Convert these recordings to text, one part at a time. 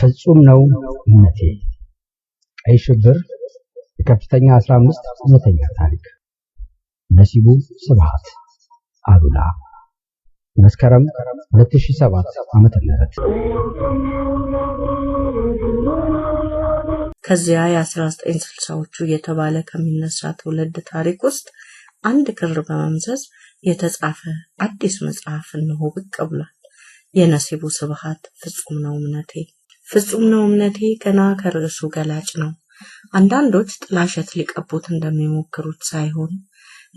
ፍጹም ነው እምነቴ። ቀይ ሽብር የከፍተኛ 15 እውነተኛ ታሪክ ነሲቡ ስብሃት አሉላ መስከረም 2007 ዓመተ ምህረት ከዚያ የ1960ዎቹ የተባለ ከሚነሳ ትውልድ ታሪክ ውስጥ አንድ ክር በመምዘዝ የተጻፈ አዲስ መጽሐፍ እነሆ ብቅ ብሏል። የነሲቡ ስብሃት ፍጹም ነው እምነቴ ፍጹም ነው እምነቴ ገና ከርዕሱ ገላጭ ነው። አንዳንዶች ጥላሸት ሊቀቡት እንደሚሞክሩት ሳይሆን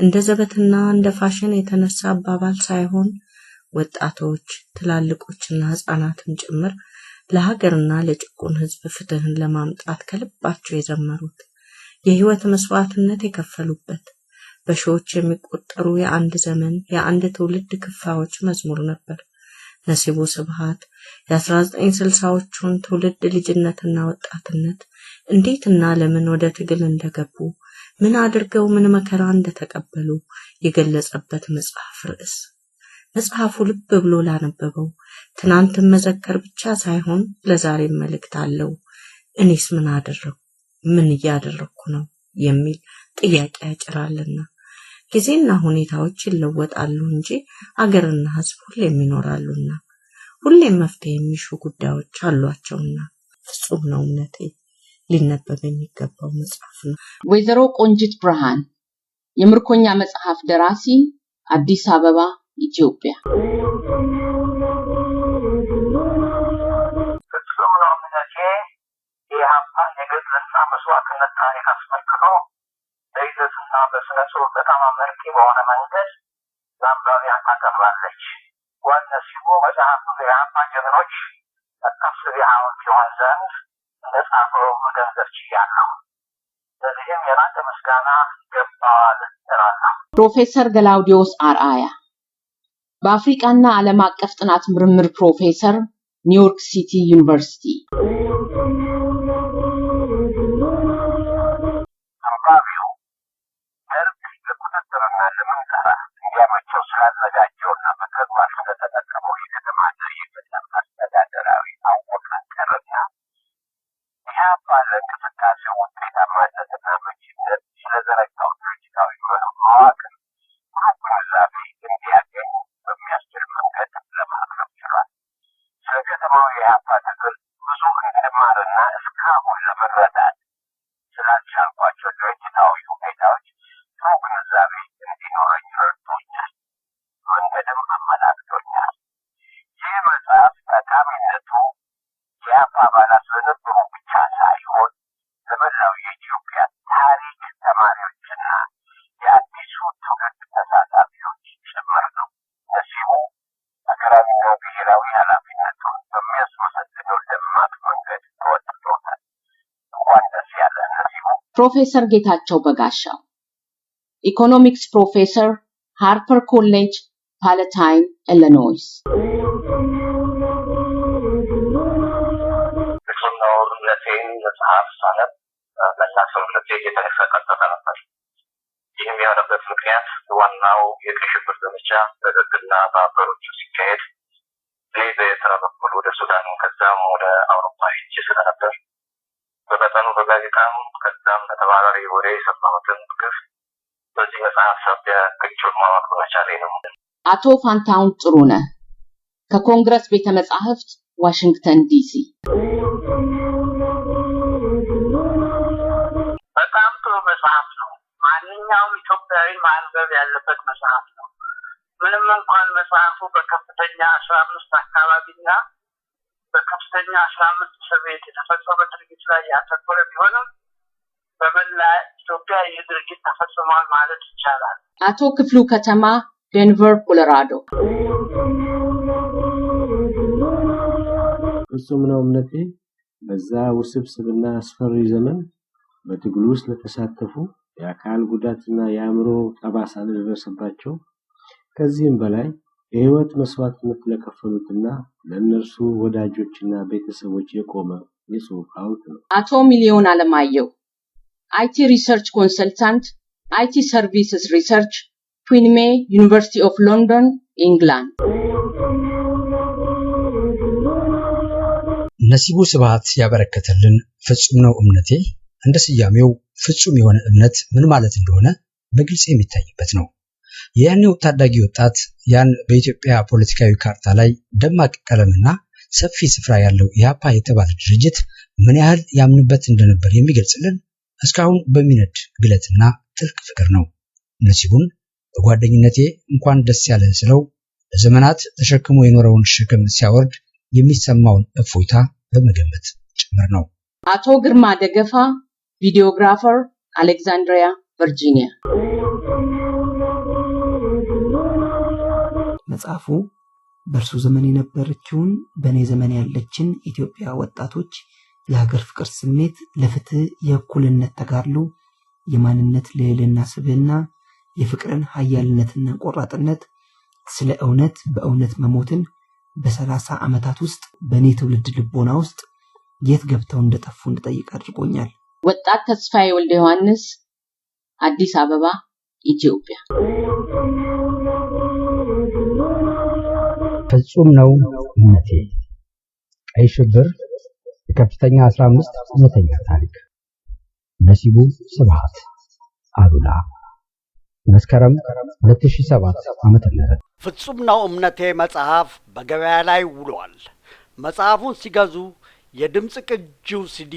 እንደ ዘበትና እንደ ፋሽን የተነሳ አባባል ሳይሆን ወጣቶች፣ ትላልቆችና ሕፃናትም ጭምር ለሀገርና ለጭቁን ሕዝብ ፍትህን ለማምጣት ከልባቸው የዘመሩት የህይወት መስዋዕትነት የከፈሉበት በሺዎች የሚቆጠሩ የአንድ ዘመን የአንድ ትውልድ ክፋዎች መዝሙር ነበር። ነሲቦ ስብሃት የ1960ዎቹን ትውልድ ልጅነትና ወጣትነት እንዴትና ለምን ወደ ትግል እንደገቡ ምን አድርገው ምን መከራ እንደተቀበሉ የገለጸበት መጽሐፍ ርዕስ። መጽሐፉ ልብ ብሎ ላነበበው ትናንትን መዘከር ብቻ ሳይሆን ለዛሬ መልእክት አለው። እኔስ ምን አደረግኩ፣ ምን እያደረግኩ ነው የሚል ጥያቄ ያጭራልና ጊዜና ሁኔታዎች ይለወጣሉ እንጂ አገርና ሕዝብ ሁሌም ይኖራሉና ሁሌም መፍትሄ የሚሹ ጉዳዮች አሏቸውና ፍጹም ነው እምነቴ። ሊነበብ የሚገባው መጽሐፍ ነው። ወይዘሮ ቆንጂት ብርሃን የምርኮኛ መጽሐፍ ደራሲ አዲስ አበባ ኢትዮጵያ በስነ ጽሁፍ በጣም አመርቂ በሆነ መንገድ ለአንባቢያን ታቀርባለች። ዋነሲሁ መጽሐፍ የአምባ ጀግኖች ከፍት ሀውልት ይሆን ዘንድ እንደጻፈው መገንዘብ ችያለሁ። ለዚህም የላቀ ምስጋና ይገባዋል እላለሁ። ፕሮፌሰር ገላውዲዮስ አርአያ በአፍሪቃና ዓለም አቀፍ ጥናት ምርምር ፕሮፌሰር ኒውዮርክ ሲቲ ዩኒቨርሲቲ ባዘጋጀውና በተግባር ስለተጠቀመው የከተማና የገጠር አስተዳደራዊ አወቃቀርና ኢህአፓ ለእንቅስቃሴው ውጤታማነትና መቺነት ስለዘረጋው ድርጅታዊ መዋቅር ሙሉ ግንዛቤ እንዲያገኝ በሚያስችል መንገድ ለማቅረብ ችሏል። ስለ ከተማው የኢህአፓ ትግል ብዙ እንድማርና እስካሁን ለመረዳት ቀዳሚነቱ የአፓ አባላት በነበሩ ብቻ ሳይሆን ለመላው የኢትዮጵያ ታሪክ ተማሪዎችና የአዲሱ ትውልድ ተሳታፊዎች ጭምር ነው። ነሲቡ ሀገራዊና ብሔራዊ ኃላፊነቱን በሚያስመሰግነው ደማቅ መንገድ ተወጥቶታል። እንኳን ደስ ያለ ነሲቡ። ፕሮፌሰር ጌታቸው በጋሻው ኢኮኖሚክስ ፕሮፌሰር ሃርፐር ኮሌጅ ፓለታይን ኢሊኖይስ የሴን መጽሐፍ ሳነብ መላክ ሰውነት የተንቀጠቀጠ ነበር። ይህም የሆነበት ምክንያት ዋናው የቀይ ሽብር ዘመቻ በደርግና በአበሮቹ ሲካሄድ እኔ በኤርትራ በኩል ወደ ሱዳን ከዛም ወደ አውሮፓ ሄጄ ስለነበር በመጠኑ በጋዜጣም ከዛም በተባራሪ ወሬ የሰማሁትን ግፍ በዚህ መጽሐፍ ሳቢያ ቅጩን ማማት በመቻሌ ነው። አቶ ፋንታውን ጥሩነህ ከኮንግረስ ቤተ መጻሕፍት ዋሽንግተን ዲሲ መጽሐፉ በከፍተኛ አስራ አምስት አካባቢና በከፍተኛ አስራ አምስት እስር ቤት የተፈጸመ ድርጊት ላይ ያተኮረ ቢሆንም በመላ ኢትዮጵያ ይህ ድርጊት ተፈጽሟል ማለት ይቻላል። አቶ ክፍሉ ከተማ ደንቨር ኮሎራዶ። ፍጹም ነው እምነቴ በዛ ውስብስብና አስፈሪ ዘመን በትግሉ ውስጥ ለተሳተፉ የአካል ጉዳትና የአእምሮ ጠባሳ ለደረሰባቸው ከዚህም በላይ የህይወት መስዋዕትነት ለከፈሉትና ለእነርሱ ወዳጆችና ቤተሰቦች የቆመ የጽሁፍ ሐውልት ነው። አቶ ሚሊዮን አለማየሁ አይቲ ሪሰርች ኮንሰልታንት አይቲ ሰርቪስስ ሪሰርች ኩዊን ሜይ ዩኒቨርሲቲ ኦፍ ሎንዶን ኢንግላንድ። ነሲቡ ስብሐት ያበረከተልን ፍጹም ነው እምነቴ እንደ ስያሜው ፍጹም የሆነ እምነት ምን ማለት እንደሆነ በግልጽ የሚታይበት ነው። ያኔው ታዳጊ ወጣት ያን በኢትዮጵያ ፖለቲካዊ ካርታ ላይ ደማቅ ቀለምና ሰፊ ስፍራ ያለው ኢህአፓ የተባለ ድርጅት ምን ያህል ያምንበት እንደነበር የሚገልጽልን እስካሁን በሚነድ ግለትና ጥልቅ ፍቅር ነው። ነሲቡን በጓደኝነቴ እንኳን ደስ ያለ ስለው ለዘመናት ተሸክሞ የኖረውን ሸክም ሲያወርድ የሚሰማውን እፎይታ በመገመት ጭምር ነው። አቶ ግርማ ደገፋ ቪዲዮግራፈር፣ አሌክዛንድሪያ ቨርጂኒያ መጽሐፉ በእርሱ ዘመን የነበረችውን በእኔ ዘመን ያለችን ኢትዮጵያ ወጣቶች የሀገር ፍቅር ስሜት፣ ለፍትህ፣ የእኩልነት ተጋድሎ፣ የማንነት ልዕልና፣ ስብህና የፍቅርን ሀያልነትና ቆራጥነት፣ ስለ እውነት በእውነት መሞትን በሰላሳ ዓመታት ውስጥ በእኔ ትውልድ ልቦና ውስጥ የት ገብተው እንደጠፉ እንድጠይቅ አድርጎኛል። ወጣት ተስፋዬ ወልደ ዮሐንስ፣ አዲስ አበባ፣ ኢትዮጵያ ፍጹም ነው እምነቴ። ቀይ ሽብር የከፍተኛ 15 እውነተኛ ታሪክ ነሲቡ ስብሐት አሉላ መስከረም 2007 ዓመተ ምህረት ፍጹም ነው እምነቴ መጽሐፍ በገበያ ላይ ውሏል። መጽሐፉን ሲገዙ የድምፅ ቅጂው ሲዲ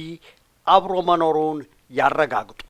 አብሮ መኖሩን ያረጋግጡ።